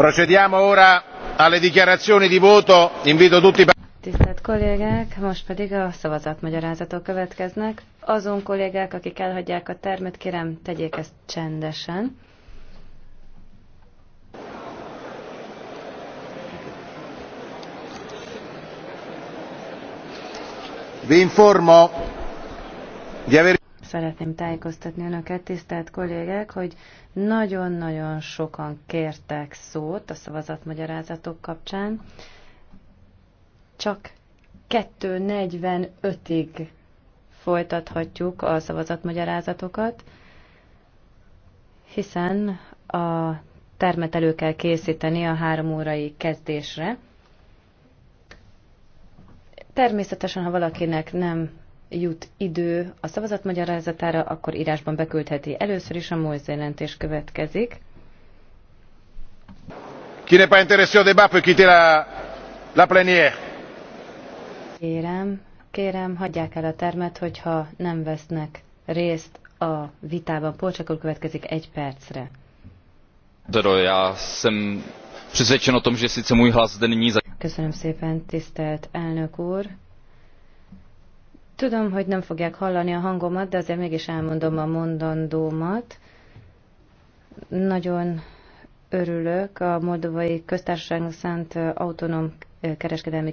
Procediamo ora alle dichiarazioni di voto. Invito tutti Tisztelt kollégák, most pedig a szavazatmagyarázatok következnek. Azon kollégák, akik elhagyják a termet, kérem, tegyék ezt csendesen. Vi informo di aver szeretném tájékoztatni önöket, tisztelt kollégák, hogy nagyon-nagyon sokan kértek szót a szavazatmagyarázatok kapcsán. Csak 2.45-ig folytathatjuk a szavazatmagyarázatokat, hiszen a termet elő kell készíteni a három órai kezdésre. Természetesen, ha valakinek nem jut idő a szavazat magyarázatára, akkor írásban beküldheti. Először is a Moise jelentés következik. Qui n'est pas intéressé au débat peut quitter la, la plénière. Kérem, kérem, hagyják el a termet, hogyha nem vesznek részt a vitában. úr következik egy percre. Já jsem přesvědčen o tom, že sice můj hlas zde Köszönöm szépen, tisztelt elnök úr. Tudom, hogy nem fogják hallani a hangomat, de azért mégis elmondom a mondandómat. Nagyon örülök a Moldovai Köztársaságnak szánt autonóm kereskedelmi